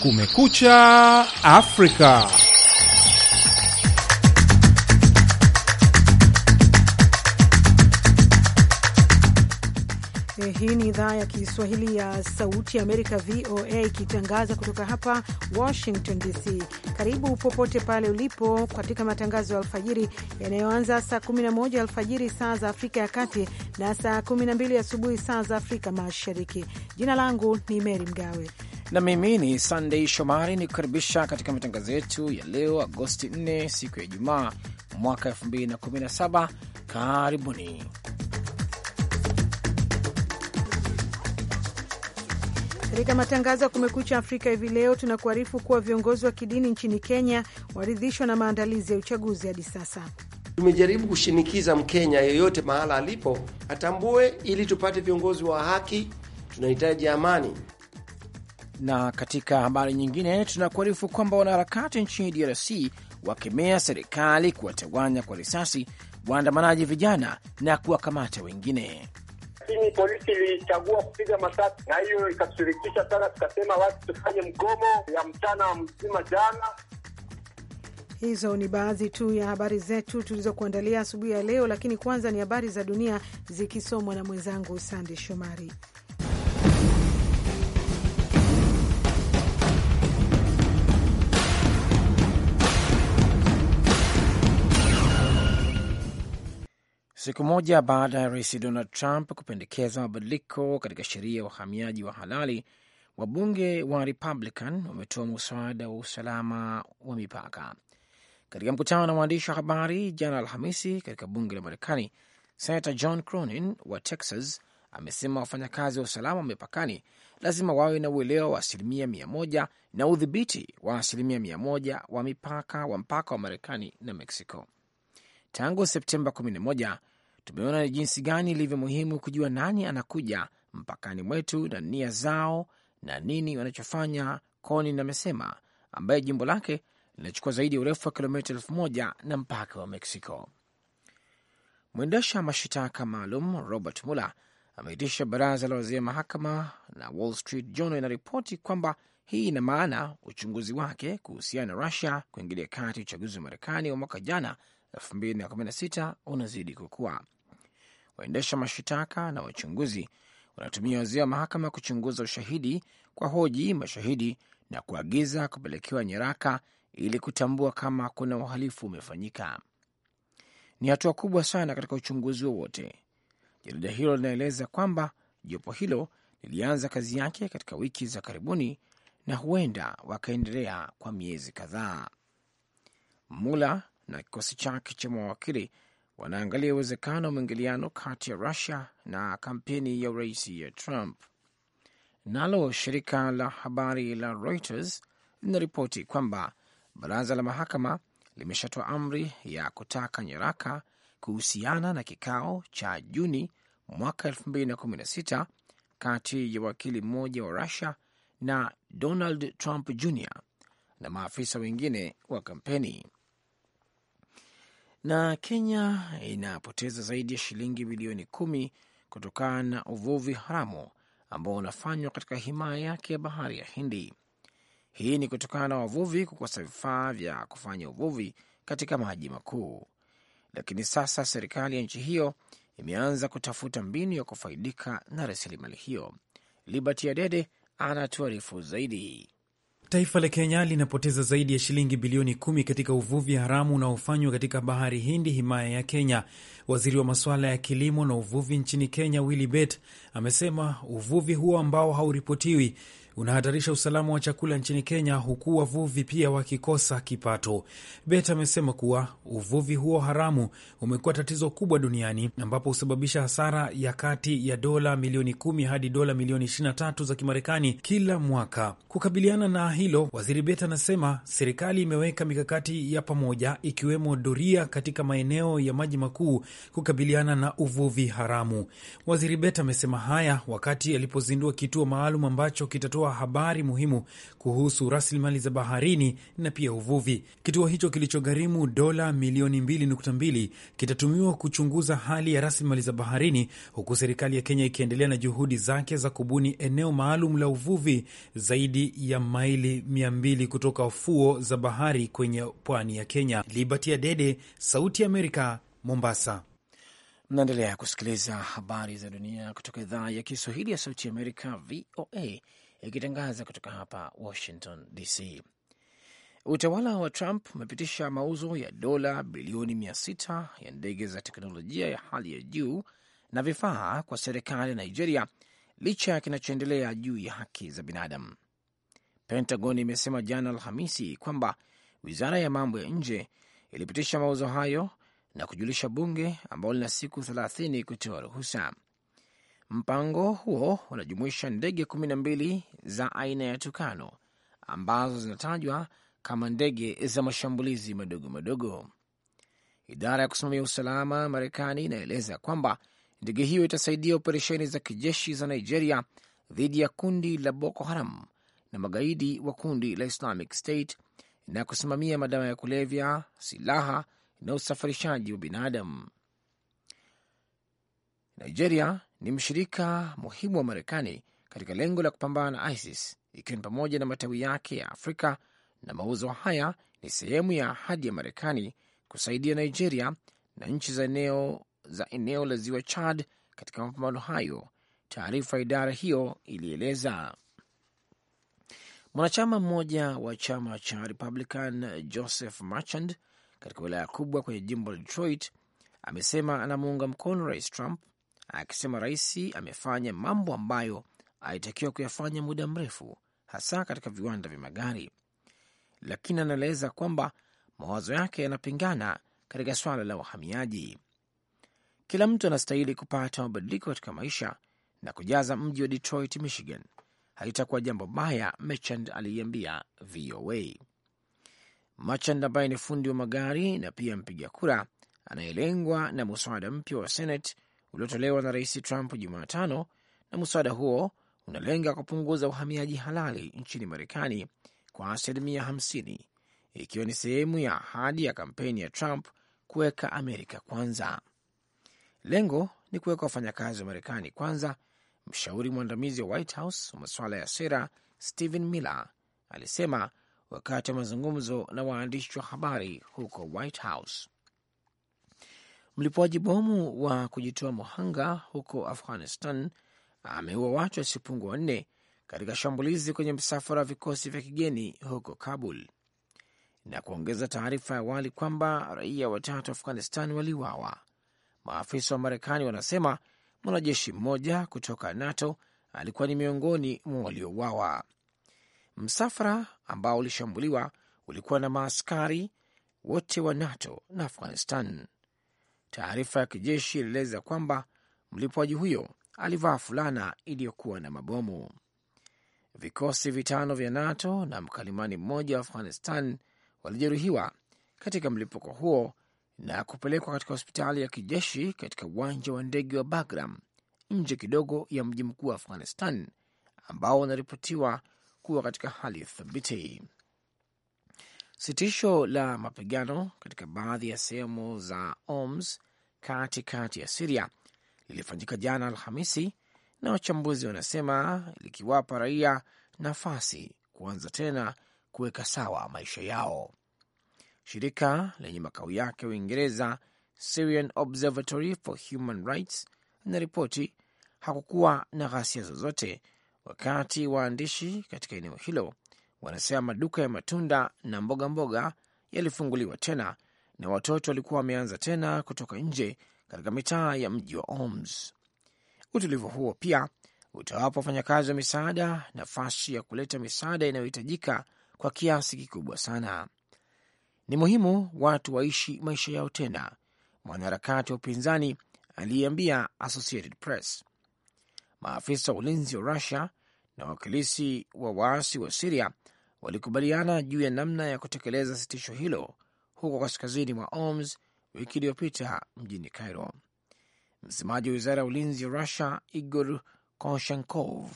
Kumekucha Afrika. Eh, hii ni idhaa ya Kiswahili ya Sauti ya Amerika, VOA, ikitangaza kutoka hapa Washington DC. Karibu popote pale ulipo katika matangazo ya alfajiri yanayoanza saa 11 alfajiri saa za Afrika ya Kati na saa 12 asubuhi saa za Afrika Mashariki. Jina langu ni Meri Mgawe na mimi ni Sandei Shomari ni kukaribisha katika matangazo yetu ya leo Agosti 4 siku ya Ijumaa mwaka 2017. Karibuni katika matangazo ya Kumekucha Afrika hivi leo. Tunakuarifu kuwa viongozi wa kidini nchini Kenya waridhishwa na maandalizi ya uchaguzi hadi sasa. Tumejaribu kushinikiza Mkenya yeyote mahala alipo atambue, ili tupate viongozi wa haki. Tunahitaji amani. Na katika habari nyingine tunakuarifu kwamba wanaharakati nchini DRC wakemea serikali kuwatawanya kwa risasi waandamanaji vijana na kuwakamata wengine lakini polisi ilichagua kupiga masasi na hiyo ikashirikisha sana, tukasema watu tufanye mgomo ya mchana mzima jana. Hizo ni baadhi tu ya habari zetu tulizokuandalia asubuhi ya leo, lakini kwanza ni habari za dunia zikisomwa na mwenzangu Sande Shomari. siku moja baada ya rais Donald Trump kupendekeza mabadiliko katika sheria ya uhamiaji wa halali. Wabunge wa Republican wametoa muswada wa usalama wa mipaka. Katika mkutano na waandishi wa habari jana Alhamisi katika bunge la Marekani, senata John Cronin wa Texas amesema wafanyakazi wa usalama wa mipakani lazima wawe na uelewa wa asilimia mia moja na udhibiti wa asilimia mia moja wa mipaka wa mpaka wa Marekani na Mexico. Tangu Septemba 11 tumeona jinsi gani ilivyo muhimu kujua nani anakuja mpakani mwetu na nia zao na nini wanachofanya, Konin amesema, ambaye jimbo lake linachukua zaidi ya urefu wa kilomita elfu moja na mpaka wa Meksiko. Mwendesha mashitaka maalum Robert Mueller ameitisha baraza la wazee mahakama, na Wall Street Journal inaripoti kwamba hii ina maana uchunguzi wake kuhusiana na Rusia kuingilia kati uchaguzi wa Marekani wa mwaka jana elfu unazidi kukua. Waendesha mashitaka na wachunguzi wanatumia wazee wa mahakama kuchunguza ushahidi kwa hoji mashahidi na kuagiza kupelekewa nyaraka ili kutambua kama kuna uhalifu umefanyika. Ni hatua kubwa sana katika uchunguzi wowote. Jarida hilo linaeleza kwamba jopo hilo lilianza kazi yake katika wiki za karibuni na huenda wakaendelea kwa miezi kadhaa. Mula na kikosi chake cha mawakili wanaangalia uwezekano wa mwingiliano kati ya Rusia na kampeni ya urais ya Trump. Nalo shirika la habari la Reuters linaripoti kwamba baraza la mahakama limeshatoa amri ya kutaka nyaraka kuhusiana na kikao cha Juni mwaka 2016 kati ya wakili mmoja wa Rusia na Donald Trump Jr na maafisa wengine wa kampeni na Kenya inapoteza zaidi ya shilingi bilioni kumi kutokana na uvuvi haramu ambao unafanywa katika himaya yake ya bahari ya Hindi. Hii ni kutokana na wavuvi kukosa vifaa vya kufanya uvuvi katika maji makuu. Lakini sasa serikali ya nchi hiyo imeanza kutafuta mbinu ya kufaidika na rasilimali hiyo. Liberty Adede anatuarifu zaidi. Taifa la Kenya linapoteza zaidi ya shilingi bilioni kumi katika uvuvi haramu unaofanywa katika bahari Hindi, himaya ya Kenya. Waziri wa masuala ya kilimo na uvuvi nchini Kenya, Willy amesema uvuvi huo ambao hauripotiwi unahatarisha usalama wa chakula nchini Kenya, huku wavuvi pia wakikosa kipato. Bet amesema kuwa uvuvi huo haramu umekuwa tatizo kubwa duniani ambapo husababisha hasara ya kati ya dola milioni kumi hadi dola milioni 23 za Kimarekani kila mwaka. Kukabiliana na hilo, waziri Bet anasema serikali imeweka mikakati ya pamoja, ikiwemo doria katika maeneo ya maji makuu kukabiliana na uvuvi haramu. Waziri Bet amesema haya wakati alipozindua kituo maalum ambacho kitatoa kutoa habari muhimu kuhusu rasilimali za baharini na pia uvuvi. Kituo hicho kilichogharimu dola milioni 2.2 kitatumiwa kuchunguza hali ya rasilimali za baharini, huku serikali ya Kenya ikiendelea na juhudi zake za kubuni eneo maalum la uvuvi zaidi ya maili 200 kutoka fuo za bahari kwenye pwani ya Kenya. Libatia Adede, Sauti ya Amerika, Mombasa. Mnaendelea kusikiliza habari za dunia kutoka idhaa ya Kiswahili ya Sauti ya Amerika, VOA, ikitangaza kutoka hapa Washington DC. Utawala wa Trump umepitisha mauzo ya dola bilioni mia sita ya ndege za teknolojia ya hali ya juu na vifaa kwa serikali ya Nigeria licha ya kinachoendelea juu ya haki za binadamu. Pentagon imesema jana Alhamisi kwamba wizara ya mambo ya nje ilipitisha mauzo hayo na kujulisha bunge ambalo lina siku 30 kutoa ruhusa. Mpango huo unajumuisha ndege kumi na mbili za aina ya Tukano ambazo zinatajwa kama ndege za mashambulizi madogo madogo. Idara ya kusimamia usalama Marekani inaeleza kwamba ndege hiyo itasaidia operesheni za kijeshi za Nigeria dhidi ya kundi la Boko Haram na magaidi wa kundi la Islamic State na kusimamia madawa ya kulevya, silaha na usafirishaji wa binadamu. Nigeria ni mshirika muhimu wa Marekani katika lengo la kupambana na ISIS, ikiwa ni pamoja na matawi yake ya Afrika, na mauzo haya ni sehemu ya ahadi ya Marekani kusaidia Nigeria na nchi za eneo za eneo la ziwa Chad katika mapambano hayo, taarifa ya idara hiyo ilieleza. Mwanachama mmoja wa chama cha Republican Joseph Marchand katika wilaya kubwa kwenye jimbo la Detroit amesema anamuunga mkono Rais Trump akisema rais amefanya mambo ambayo alitakiwa kuyafanya muda mrefu, hasa katika viwanda vya magari, lakini anaeleza kwamba mawazo yake yanapingana katika swala la wahamiaji. Kila mtu anastahili kupata mabadiliko katika maisha na kujaza mji wa Detroit, Michigan haitakuwa jambo baya, Merchant aliiambia VOA. Merchant ambaye ni fundi wa magari na pia mpiga kura anayelengwa na muswada mpya wa Senate uliotolewa na Rais Trump Jumatano, na mswada huo unalenga kupunguza uhamiaji halali nchini Marekani kwa asilimia 50 ikiwa ni sehemu ya ahadi ya kampeni ya Trump kuweka Amerika kwanza. Lengo ni kuweka wafanyakazi wa Marekani kwanza. Mshauri mwandamizi wa White House wa masuala ya sera Stephen Miller alisema wakati wa mazungumzo na waandishi wa habari huko White House. Mlipuaji bomu wa kujitoa muhanga huko Afghanistan ameua watu wasiopungua wanne katika shambulizi kwenye msafara wa vikosi vya kigeni huko Kabul, na kuongeza taarifa ya awali kwamba raia watatu wa Afghanistan waliuawa. Maafisa wa Marekani wanasema mwanajeshi mmoja kutoka NATO alikuwa ni miongoni mwa waliouawa. Msafara ambao ulishambuliwa ulikuwa na maaskari wote wa NATO na Afghanistan. Taarifa ya kijeshi ilieleza kwamba mlipuaji huyo alivaa fulana iliyokuwa na mabomu. Vikosi vitano vya NATO na mkalimani mmoja wa Afghanistan walijeruhiwa katika mlipuko huo na kupelekwa katika hospitali ya kijeshi katika uwanja wa ndege wa Bagram nje kidogo ya mji mkuu wa Afghanistan ambao unaripotiwa kuwa katika hali thabiti. Sitisho la mapigano katika baadhi ya sehemu za Oms kati kati ya Siria lilifanyika jana Alhamisi, na wachambuzi wanasema likiwapa raia nafasi kuanza tena kuweka sawa maisha yao. Shirika lenye makao yake Uingereza, Syrian Observatory for Human Rights, linaripoti hakukuwa na ghasia zozote wakati waandishi katika eneo hilo wanasema maduka ya matunda na mboga mboga yalifunguliwa tena na watoto walikuwa wameanza tena kutoka nje katika mitaa ya mji wa Oms. Utulivu huo pia utawapa wafanyakazi wa misaada nafasi ya kuleta misaada inayohitajika kwa kiasi kikubwa sana. Ni muhimu watu waishi maisha yao tena, mwanaharakati wa upinzani aliyeambia Associated Press. Maafisa wa ulinzi wa Rusia na wawakilishi wa waasi wa Siria walikubaliana juu ya namna ya kutekeleza sitisho hilo huko kaskazini mwa Oms wiki iliyopita mjini Cairo. Msemaji wa wizara ya ulinzi ya Rusia Igor koshenkov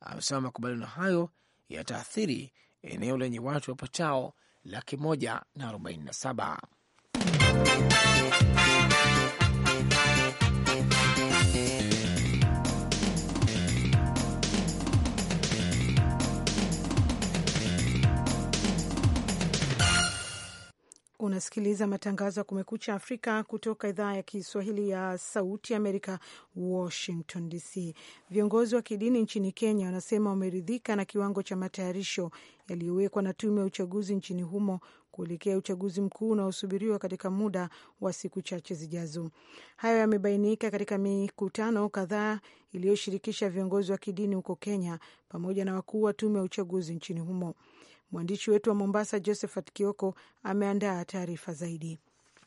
amesema makubaliano hayo yataathiri eneo lenye watu wapatao laki moja na arobaini na saba. unasikiliza matangazo ya Kumekucha Afrika kutoka idhaa ya Kiswahili ya Sauti Amerika, Washington DC. Viongozi wa kidini nchini Kenya wanasema wameridhika na kiwango cha matayarisho yaliyowekwa na tume ya uchaguzi nchini humo kuelekea uchaguzi mkuu unaosubiriwa katika muda wa siku chache zijazo. Hayo yamebainika katika mikutano kadhaa iliyoshirikisha viongozi wa kidini huko Kenya pamoja na wakuu wa tume ya uchaguzi nchini humo. Mwandishi wetu wa Mombasa, Josephat Kioko, ameandaa taarifa zaidi.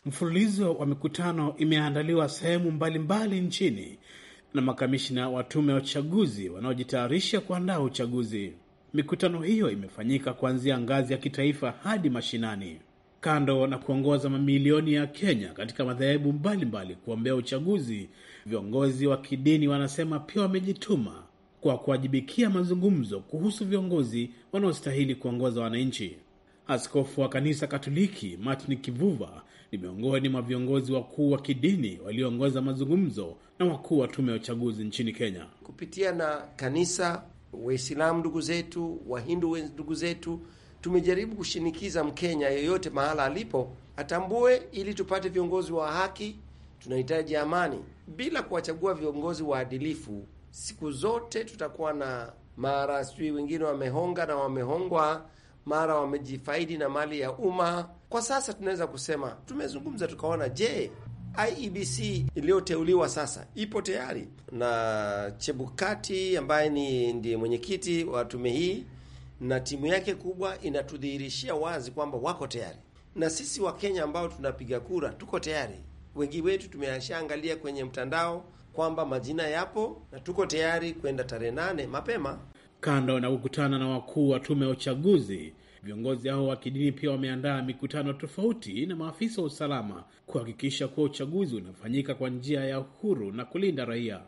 Mfululizo wa mikutano imeandaliwa sehemu mbalimbali nchini na makamishina wa tume ya uchaguzi wanaojitayarisha kuandaa uchaguzi. Mikutano hiyo imefanyika kuanzia ngazi ya kitaifa hadi mashinani. Kando na kuongoza mamilioni ya Kenya katika madhehebu mbalimbali kuombea uchaguzi, viongozi wa kidini wanasema pia wamejituma kwa kuwajibikia mazungumzo kuhusu viongozi wanaostahili kuongoza wananchi. Askofu wa kanisa Katoliki Martin Kivuva ni miongoni mwa viongozi wakuu wa kidini walioongoza mazungumzo na wakuu wa tume ya uchaguzi nchini Kenya. Kupitia na kanisa, Waislamu ndugu zetu, Wahindu ndugu zetu, tumejaribu kushinikiza Mkenya yeyote mahala alipo atambue, ili tupate viongozi wa haki, tunahitaji amani. Bila kuwachagua viongozi waadilifu, siku zote tutakuwa na mara sijui wengine wamehonga na wamehongwa, mara wamejifaidi na mali ya umma. Kwa sasa tunaweza kusema tumezungumza, tukaona je, IEBC iliyoteuliwa sasa ipo tayari, na Chebukati ambaye ni ndiye mwenyekiti wa tume hii na timu yake kubwa inatudhihirishia wazi kwamba wako tayari, na sisi Wakenya ambao tunapiga kura tuko tayari. Wengi wetu tumeshaangalia kwenye mtandao kwamba majina yapo na tuko tayari kwenda tarehe nane mapema. Kando na kukutana na wakuu wa tume ya uchaguzi, viongozi hao wa kidini pia wameandaa mikutano tofauti na maafisa wa usalama kuhakikisha kuwa uchaguzi unafanyika kwa njia ya uhuru na kulinda raia.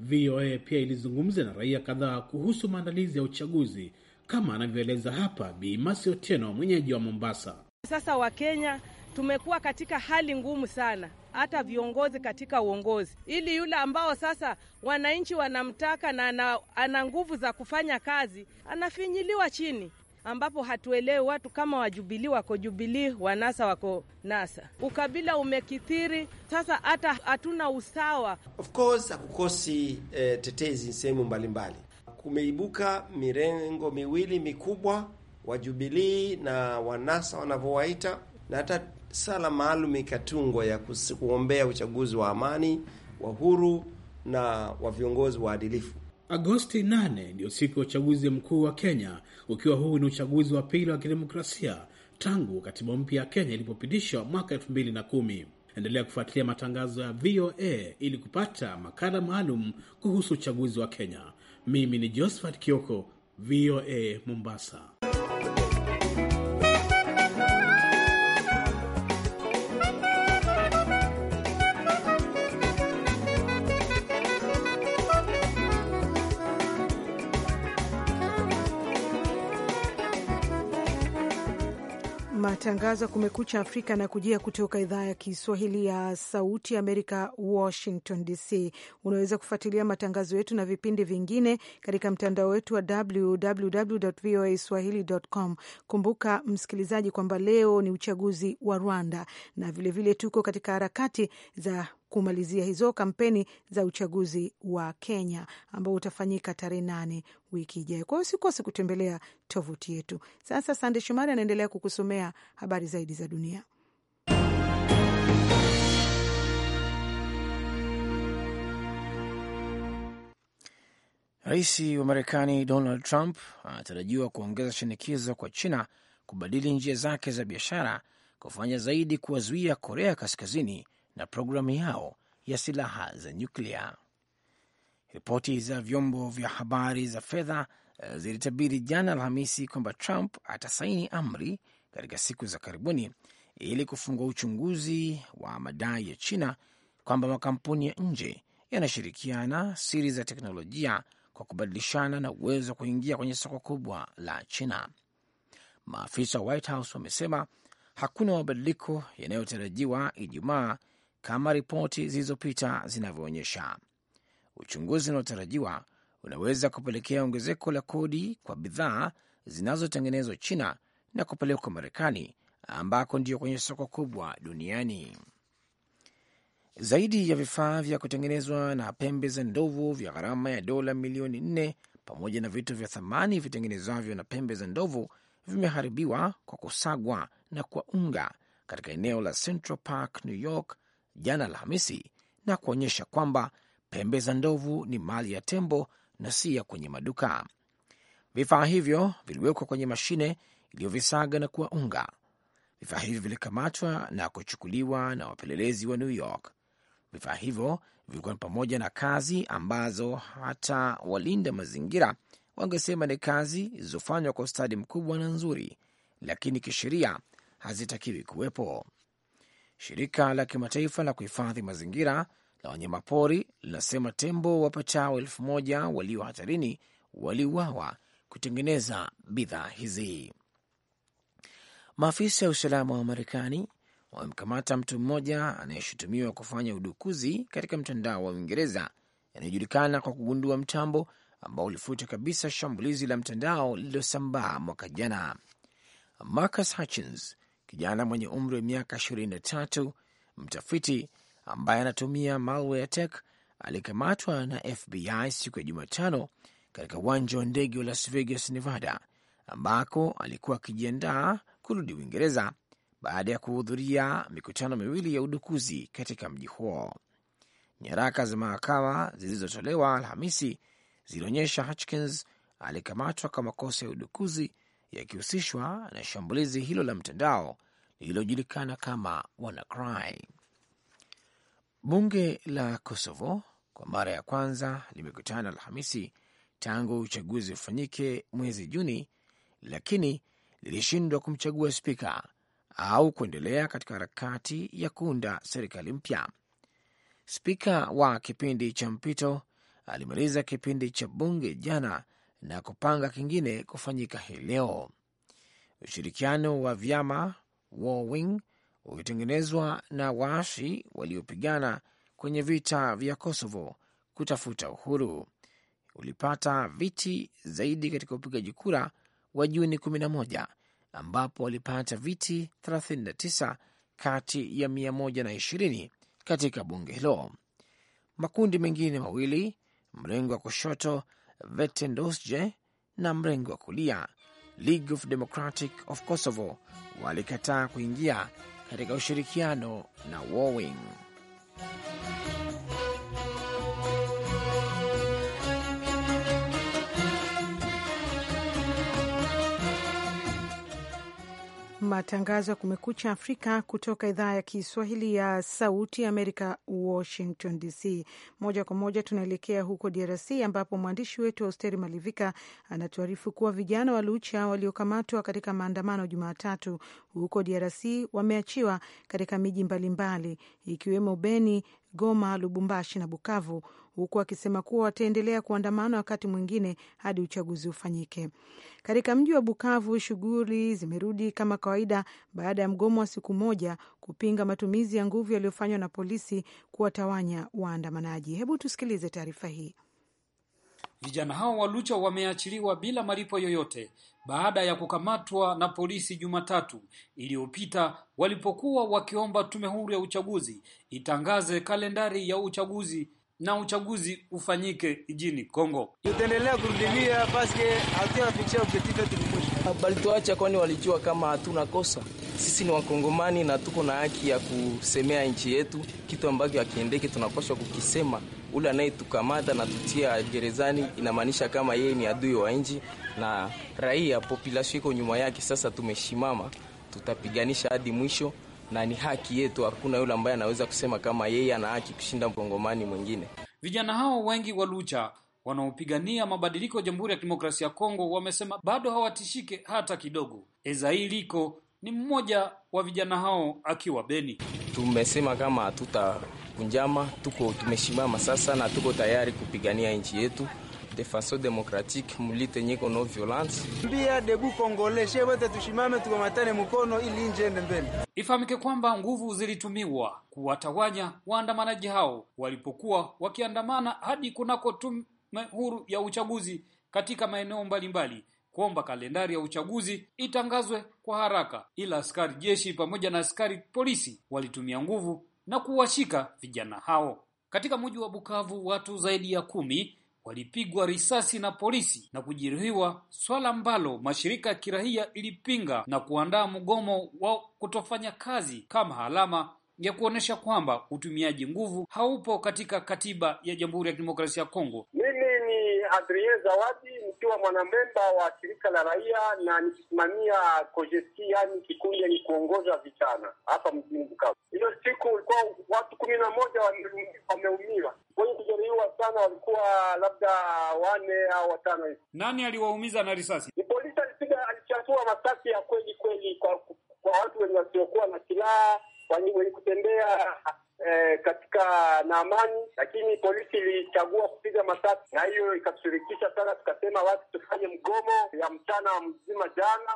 VOA pia ilizungumza na raia kadhaa kuhusu maandalizi ya uchaguzi kama anavyoeleza hapa Bi Masi Otieno, mwenyeji wa Mombasa. Sasa Wakenya tumekuwa katika hali ngumu sana hata viongozi katika uongozi, ili yule ambao sasa wananchi wanamtaka na ana nguvu za kufanya kazi anafinyiliwa chini ambapo hatuelewi watu kama wajubilii wako Jubilii, wanasa wako NASA. Ukabila umekithiri sasa, hata hatuna usawa. Of course hakukosi eh, tetezi sehemu mbalimbali. Kumeibuka mirengo miwili mikubwa, wajubilii na wanasa wanavyowaita, na hata sala maalum ikatungwa ya kuombea uchaguzi wa amani wa huru na wa viongozi waadilifu. Agosti 8 ndiyo siku ya uchaguzi mkuu wa Kenya, ukiwa huu ni uchaguzi wa pili wa kidemokrasia tangu katiba mpya ya Kenya ilipopitishwa mwaka 2010. Endelea kufuatilia matangazo ya VOA ili kupata makala maalum kuhusu uchaguzi wa Kenya. Mimi ni Josephat Kioko, VOA Mombasa. matangazo ya Kumekucha Afrika na kujia kutoka idhaa ya Kiswahili ya Sauti Amerika, Washington DC. Unaweza kufuatilia matangazo yetu na vipindi vingine katika mtandao wetu wa www voa swahili.com. Kumbuka msikilizaji, kwamba leo ni uchaguzi wa Rwanda na vilevile vile tuko katika harakati za kumalizia hizo kampeni za uchaguzi wa Kenya ambao utafanyika tarehe nane wiki ijayo. Kwa hiyo usikose kutembelea tovuti yetu. Sasa Sande shumari anaendelea kukusomea habari zaidi za dunia. Rais wa Marekani Donald Trump anatarajiwa kuongeza shinikizo kwa China kubadili njia zake za biashara, kufanya zaidi kuwazuia Korea Kaskazini na programu yao ya silaha za nyuklia. Ripoti za vyombo vya habari za fedha eh, zilitabiri jana Alhamisi kwamba Trump atasaini amri katika siku za karibuni ili kufungua uchunguzi wa madai ya China kwamba makampuni ya nje yanashirikiana siri za teknolojia kwa kubadilishana na uwezo wa kuingia kwenye soko kubwa la China. Maafisa wa White House wamesema hakuna mabadiliko yanayotarajiwa Ijumaa kama ripoti zilizopita zinavyoonyesha. Uchunguzi unaotarajiwa unaweza kupelekea ongezeko la kodi kwa bidhaa zinazotengenezwa China na kupelekwa Marekani, ambako ndio kwenye soko kubwa duniani. Zaidi ya vifaa vya kutengenezwa na pembe za ndovu vya gharama ya dola milioni nne pamoja na vitu vya thamani vitengenezwavyo na pembe za ndovu vimeharibiwa kwa kusagwa na kwa unga katika eneo la Central Park, New York jana Alhamisi na kuonyesha kwamba pembe za ndovu ni mali ya tembo na si ya kwenye maduka. Vifaa hivyo viliwekwa kwenye mashine iliyovisaga na kuwa unga. Vifaa hivyo vilikamatwa na kuchukuliwa na wapelelezi wa New York. Vifaa hivyo vilikuwa ni pamoja na kazi ambazo hata walinda mazingira wangesema ni kazi zilizofanywa kwa ustadi mkubwa na nzuri, lakini kisheria hazitakiwi kuwepo. Shirika la kimataifa la kuhifadhi mazingira la wanyamapori linasema tembo wapatao elfu moja walio hatarini waliuawa kutengeneza bidhaa hizi. Maafisa ya usalama wa Marekani wamemkamata mtu mmoja anayeshutumiwa kufanya udukuzi katika mtandao wa Uingereza yanayojulikana kwa kugundua mtambo ambao ulifuta kabisa shambulizi la mtandao lililosambaa mwaka jana. Marcus Hutchins kijana mwenye umri wa miaka 23, mtafiti ambaye anatumia malware tech alikamatwa na FBI siku ya Jumatano katika uwanja wa ndege wa Las Vegas, Nevada, ambako alikuwa akijiandaa kurudi Uingereza baada ya kuhudhuria mikutano miwili ya udukuzi katika mji huo. Nyaraka za mahakama zilizotolewa Alhamisi zilionyesha Hutchins alikamatwa kwa makosa ya udukuzi yakihusishwa na shambulizi hilo la mtandao lililojulikana kama WannaCry. Bunge la Kosovo kwa mara ya kwanza limekutana Alhamisi tangu uchaguzi ufanyike mwezi Juni, lakini lilishindwa kumchagua spika au kuendelea katika harakati ya kuunda serikali mpya. Spika wa kipindi cha mpito alimaliza kipindi cha bunge jana na kupanga kingine kufanyika hii leo. Ushirikiano wa vyama War Wing na waashi waliopigana kwenye vita vya Kosovo kutafuta uhuru ulipata viti zaidi katika upigaji kura wa Juni 11 ambapo walipata viti 39 kati ya 120 katika bunge hilo. Makundi mengine mawili, mrengo wa kushoto Vetendosje na mrengo wa kulia League of Democratic of Kosovo walikataa kuingia katika ushirikiano na Warwing. matangazo ya Kumekucha Afrika kutoka idhaa ya Kiswahili ya Sauti Amerika, Washington DC. Moja kwa moja tunaelekea huko DRC ambapo mwandishi wetu Austeri Malivika anatuarifu kuwa vijana wa Lucha waliokamatwa katika maandamano Jumatatu huko DRC wameachiwa katika miji mbalimbali ikiwemo Beni, Goma, Lubumbashi na Bukavu huku akisema kuwa wataendelea kuandamana wakati mwingine hadi uchaguzi ufanyike. Katika mji wa Bukavu, shughuli zimerudi kama kawaida baada ya mgomo wa siku moja kupinga matumizi ya nguvu yaliyofanywa na polisi kuwatawanya waandamanaji. Hebu tusikilize taarifa hii. Vijana hao wa Lucha wameachiliwa bila malipo yoyote baada ya kukamatwa na polisi Jumatatu iliyopita walipokuwa wakiomba tume huru ya uchaguzi itangaze kalendari ya uchaguzi na uchaguzi ufanyike jijini Kongo. Tutaendelea kurudilia paske hatuyafikia objektifu yetu mwisho. tuacha, kwani walijua kama hatuna kosa. Sisi ni Wakongomani na tuko na haki ya kusemea nchi yetu, kitu ambacho akiendeke tunapaswa kukisema. Ule anayetukamata na tutia gerezani inamaanisha kama yeye ni adui wa nchi na raia, population iko nyuma yake. Sasa tumeshimama, tutapiganisha hadi mwisho na ni haki yetu. Hakuna yule ambaye anaweza kusema kama yeye ana haki kushinda mkongomani mwingine. Vijana hao wengi wa Lucha wanaopigania mabadiliko ya Jamhuri ya Kidemokrasia ya Kongo wamesema bado hawatishike hata kidogo. Ezailiko ni mmoja wa vijana hao akiwa Beni. Tumesema kama hatuta kunjama, tuko tumesimama sasa na tuko tayari kupigania nchi yetu de façon démocratique mlite nyiko no violence mbia debu kongoleshe wote tushimame tukamatane mkono ili nje ende mbele. Ifahamike kwamba nguvu zilitumiwa kuwatawanya waandamanaji hao walipokuwa wakiandamana hadi kunako tume huru ya uchaguzi katika maeneo mbalimbali kuomba kalendari ya uchaguzi itangazwe kwa haraka, ila askari jeshi pamoja na askari polisi walitumia nguvu na kuwashika vijana hao. Katika mji wa Bukavu, watu zaidi ya kumi walipigwa risasi na polisi na kujeruhiwa, swala ambalo mashirika ya kiraia ilipinga na kuandaa mgomo wa kutofanya kazi kama alama ya kuonyesha kwamba utumiaji nguvu haupo katika katiba ya Jamhuri ya Kidemokrasia ya Kongo. Mimi ni Adrien Zawadi nikiwa mwanamemba wa shirika la raia na nikisimamia Kojeski, yaani kikundi ni kuongoza vijana hapa mjini Bukavu. Hiyo siku ulikuwa watu kumi na moja wameumiwa walikuwa labda wane au watano hivi. Nani aliwaumiza na risasi? Ni polisi alipiga, alifyatua masasi ya kweli kweli kwa, kwa watu wenye wasiokuwa na silaha wenye kutembea Eh, katika na amani, lakini polisi ilichagua kupiga masasi, na hiyo ikashirikisha sana. Tukasema watu tufanye mgomo ya mchana mzima jana,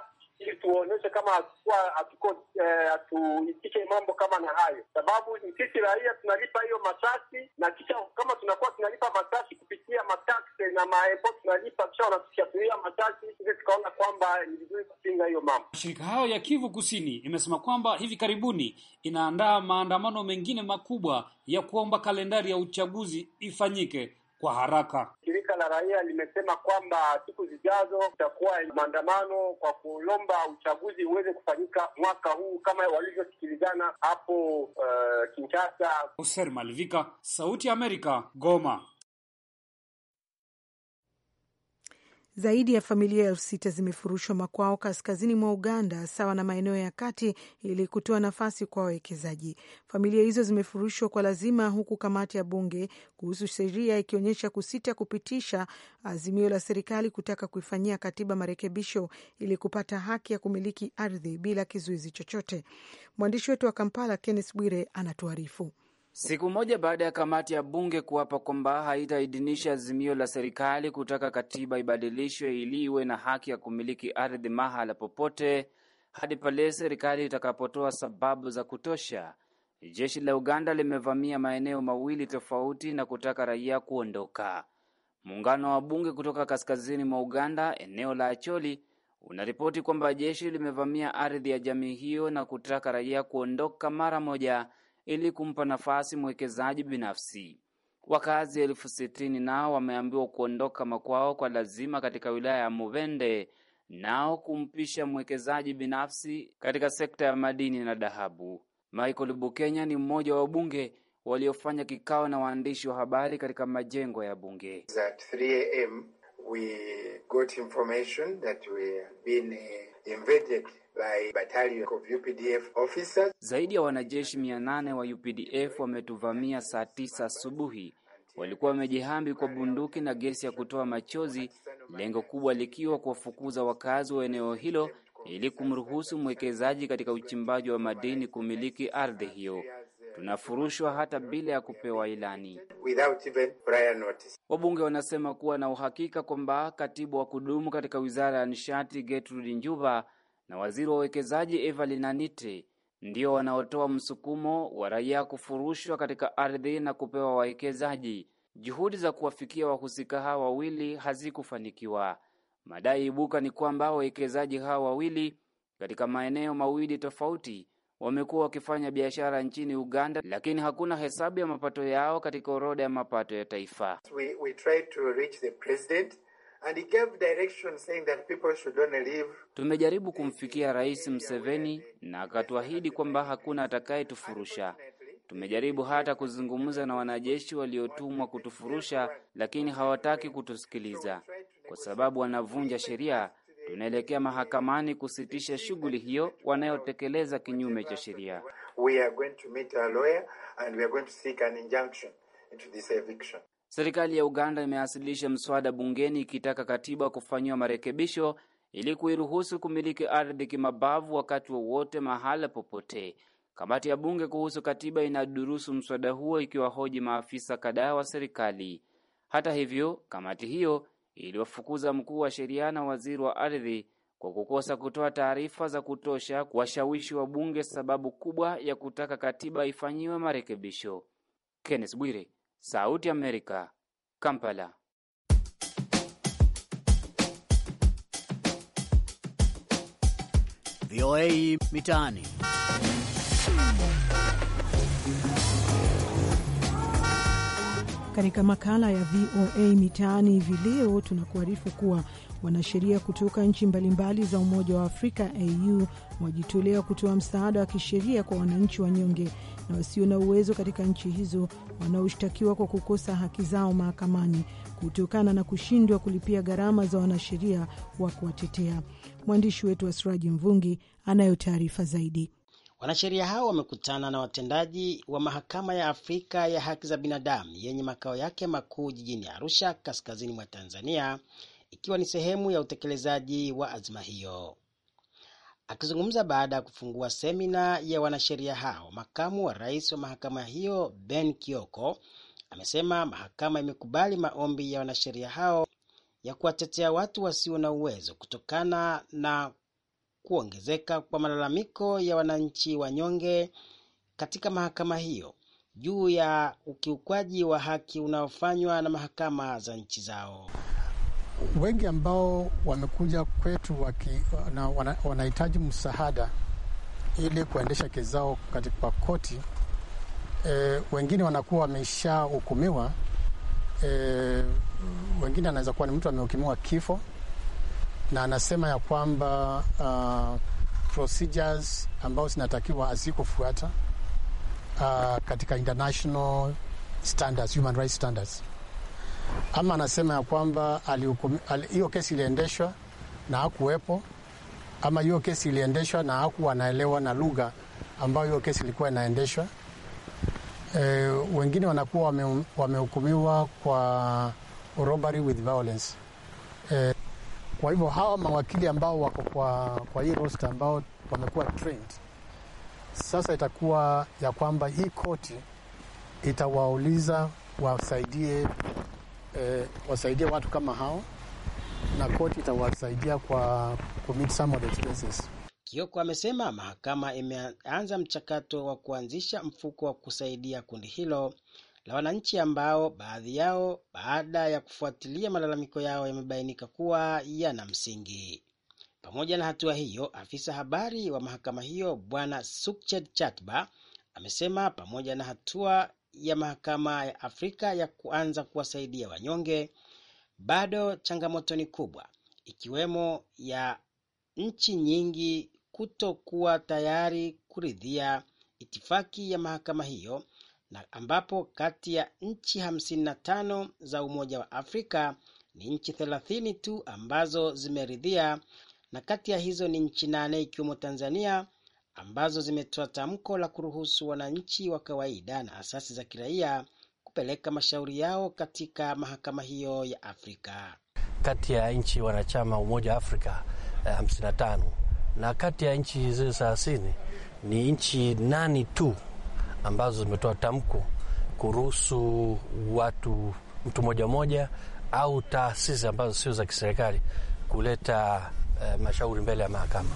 ili tuonyeshe kama eh, hatuitishe eh, mambo kama na hayo, sababu sisi raia tunalipa hiyo masasi, na kisha kama tunakuwa tunalipa masasi kupitia mataksi na maepo tunalipa, kisha wanatuchatulia masasi, sisi tukaona kwamba ni vizuri kupinga hiyo mambo. Mashirika hayo ya Kivu Kusini imesema kwamba hivi karibuni inaandaa maandamano mengine makubwa ya kuomba kalendari ya uchaguzi ifanyike kwa haraka. Shirika la raia limesema kwamba siku zijazo itakuwa maandamano kwa kulomba uchaguzi uweze kufanyika mwaka huu kama walivyosikilizana hapo uh, Kinshasa. Hoser Malivika, Sauti ya Amerika, Goma. Zaidi ya familia elfu sita zimefurushwa makwao kaskazini mwa Uganda, sawa na maeneo ya kati, ili kutoa nafasi kwa wawekezaji. Familia hizo zimefurushwa kwa lazima, huku kamati ya bunge kuhusu sheria ikionyesha kusita kupitisha azimio la serikali kutaka kuifanyia katiba marekebisho ili kupata haki ya kumiliki ardhi bila kizuizi chochote. Mwandishi wetu wa Kampala, Kenneth Bwire, anatuarifu. Siku moja baada ya kamati ya bunge kuapa kwamba haitaidhinisha azimio la serikali kutaka katiba ibadilishwe ili iwe na haki ya kumiliki ardhi mahala popote hadi pale serikali itakapotoa sababu za kutosha, jeshi la Uganda limevamia maeneo mawili tofauti na kutaka raia kuondoka. Muungano wa bunge kutoka kaskazini mwa Uganda, eneo la Acholi, unaripoti kwamba jeshi limevamia ardhi ya jamii hiyo na kutaka raia kuondoka mara moja ili kumpa nafasi mwekezaji binafsi. Wakazi elfu sitini nao wameambiwa kuondoka makwao kwa lazima katika wilaya ya Mubende nao kumpisha mwekezaji binafsi katika sekta ya madini na dhahabu. Michael Bukenya ni mmoja wa bunge waliofanya kikao na waandishi wa habari katika majengo ya bunge. We got information that we have been uh, invaded of UPDF officers. Zaidi ya wanajeshi mia nane wa UPDF wametuvamia saa tisa asubuhi. Walikuwa wamejihambi kwa bunduki na gesi ya kutoa machozi, lengo kubwa likiwa kuwafukuza wakazi wa eneo hilo ili kumruhusu mwekezaji katika uchimbaji wa madini kumiliki ardhi hiyo. Tunafurushwa hata bila ya kupewa ilani. Wabunge wanasema kuwa na uhakika kwamba katibu wa kudumu katika wizara ya nishati Gertrude Njuba na Waziri wa Uwekezaji Evelyn Anite ndio wanaotoa msukumo wa raia kufurushwa katika ardhi na kupewa wawekezaji. Juhudi za kuwafikia wahusika hawa wawili hazikufanikiwa. Madai ibuka ni kwamba wawekezaji hawa wawili katika maeneo mawili tofauti wamekuwa wakifanya biashara nchini Uganda, lakini hakuna hesabu ya mapato yao katika orodha ya mapato ya taifa. We, we tried to reach the president And he gave direction saying that people should only leave. Tumejaribu kumfikia Rais Mseveni na akatuahidi kwamba hakuna atakayetufurusha. Tumejaribu hata kuzungumza na wanajeshi waliotumwa kutufurusha, lakini hawataki kutusikiliza. Kwa sababu wanavunja sheria, tunaelekea mahakamani kusitisha shughuli hiyo wanayotekeleza kinyume cha sheria. We are going to meet lawyer and we are going to seek an injunction into this eviction. Serikali ya Uganda imewasilisha mswada bungeni ikitaka katiba kufanyiwa marekebisho ili kuiruhusu kumiliki ardhi kimabavu wakati wowote wa mahala popote. Kamati ya bunge kuhusu katiba inadurusu mswada huo ikiwahoji maafisa kadhaa wa serikali. Hata hivyo, kamati hiyo iliwafukuza mkuu wa sheria na waziri wa ardhi kwa kukosa kutoa taarifa za kutosha kuwashawishi wabunge, sababu kubwa ya kutaka katiba ifanyiwe marekebisho. Kenneth Bwire, Sauti america Amerika, Kampala. VOA Mitaani. Katika makala ya VOA Mitaani hivi leo, tunakuarifu kuwa wanasheria kutoka nchi mbalimbali za Umoja wa Afrika au wajitolea kutoa msaada wa kisheria kwa wananchi wanyonge na wasio na uwezo katika nchi hizo wanaoshtakiwa kwa kukosa haki zao mahakamani kutokana na kushindwa kulipia gharama za wanasheria wa kuwatetea. Mwandishi wetu wa Mvungi anayo taarifa zaidi. Wanasheria hao wamekutana na watendaji wa Mahakama ya Afrika ya Haki za Binadamu yenye makao yake makuu jijini Arusha, kaskazini mwa Tanzania, ikiwa ni sehemu ya utekelezaji wa azma hiyo. Akizungumza baada ya kufungua semina ya wanasheria hao, makamu wa rais wa mahakama hiyo Ben Kioko amesema mahakama imekubali maombi ya wanasheria hao ya kuwatetea watu wasio na uwezo kutokana na kuongezeka kwa malalamiko ya wananchi wanyonge katika mahakama hiyo juu ya ukiukwaji wa haki unaofanywa na mahakama za nchi zao. Wengi ambao wamekuja kwetu waki, wana, wana, wanahitaji msaada ili kuendesha kesi zao katika koti e, wengine wanakuwa wameshahukumiwa e, wengine anaweza kuwa ni mtu amehukumiwa kifo na anasema ya kwamba uh, procedures ambazo zinatakiwa hazikufuata uh, katika international standards, human rights standards, ama anasema ya kwamba hiyo kesi iliendeshwa na hakuwepo, ama hiyo kesi iliendeshwa na hakuwa anaelewa na lugha ambayo hiyo kesi ilikuwa inaendeshwa. E, wengine wanakuwa wamehukumiwa kwa robbery with violence. E, kwa hivyo hawa mawakili ambao wako kwa, kwa hii roster ambao wamekuwa trained, sasa itakuwa ya kwamba hii koti itawauliza wasaidie, eh, wasaidie watu kama hao na koti itawasaidia kwa commit some of the expenses. Kioko amesema mahakama imeanza mchakato wa kuanzisha mfuko wa kusaidia kundi hilo la wananchi ambao baadhi yao baada ya kufuatilia malalamiko yao yamebainika kuwa yana msingi. Pamoja na hatua hiyo, afisa habari wa mahakama hiyo Bwana Sukched Chatba amesema pamoja na hatua ya mahakama ya Afrika ya kuanza kuwasaidia wanyonge, bado changamoto ni kubwa, ikiwemo ya nchi nyingi kutokuwa tayari kuridhia itifaki ya mahakama hiyo ambapo kati ya nchi hamsini na tano za Umoja wa Afrika ni nchi thelathini tu ambazo zimeridhia na kati ya hizo ni nchi nane ikiwemo Tanzania ambazo zimetoa tamko la kuruhusu wananchi wa kawaida na asasi za kiraia kupeleka mashauri yao katika mahakama hiyo ya Afrika. Kati ya nchi wanachama Umoja wa Afrika 55 eh, na kati ya nchi hizo 30 ni nchi nane tu ambazo zimetoa tamko kuruhusu watu mtu moja moja au taasisi ambazo sio za kiserikali kuleta eh, mashauri mbele ya mahakama.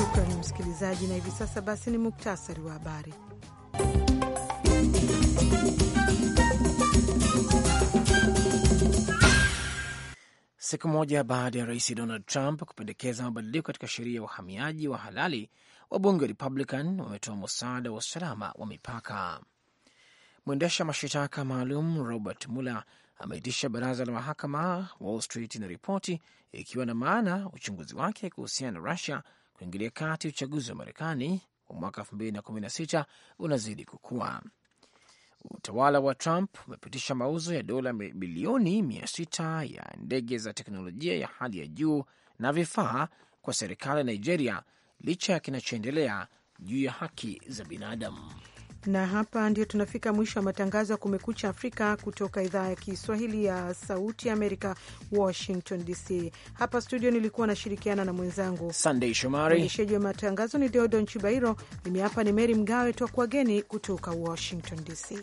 Shukrani msikilizaji, na hivi sasa basi ni muktasari wa habari. siku moja baada ya rais Donald Trump kupendekeza mabadiliko katika sheria ya uhamiaji wa halali, wabunge wa Republican wametoa msaada wa usalama wa mipaka. Mwendesha mashitaka maalum Robert Mueller ameitisha baraza la mahakama Wall Street na ripoti ikiwa na maana uchunguzi wake kuhusiana na Rusia kuingilia kati uchaguzi wa Marekani wa mwaka 2016 unazidi kukua. Utawala wa Trump umepitisha mauzo ya dola bilioni mia sita ya ndege za teknolojia ya hali ya juu na vifaa kwa serikali ya Nigeria licha ya kinachoendelea juu ya haki za binadamu. Na hapa ndio tunafika mwisho wa matangazo ya Kumekucha Afrika kutoka idhaa ya Kiswahili ya Sauti Amerika, Washington DC. Hapa studio nilikuwa nashirikiana na mwenzangu Sandei Shomari. mwenyesheji wa matangazo ni Deodon Chibairo. Mimi hapa ni Meri Mgawe, twa kuwageni kutoka Washington DC.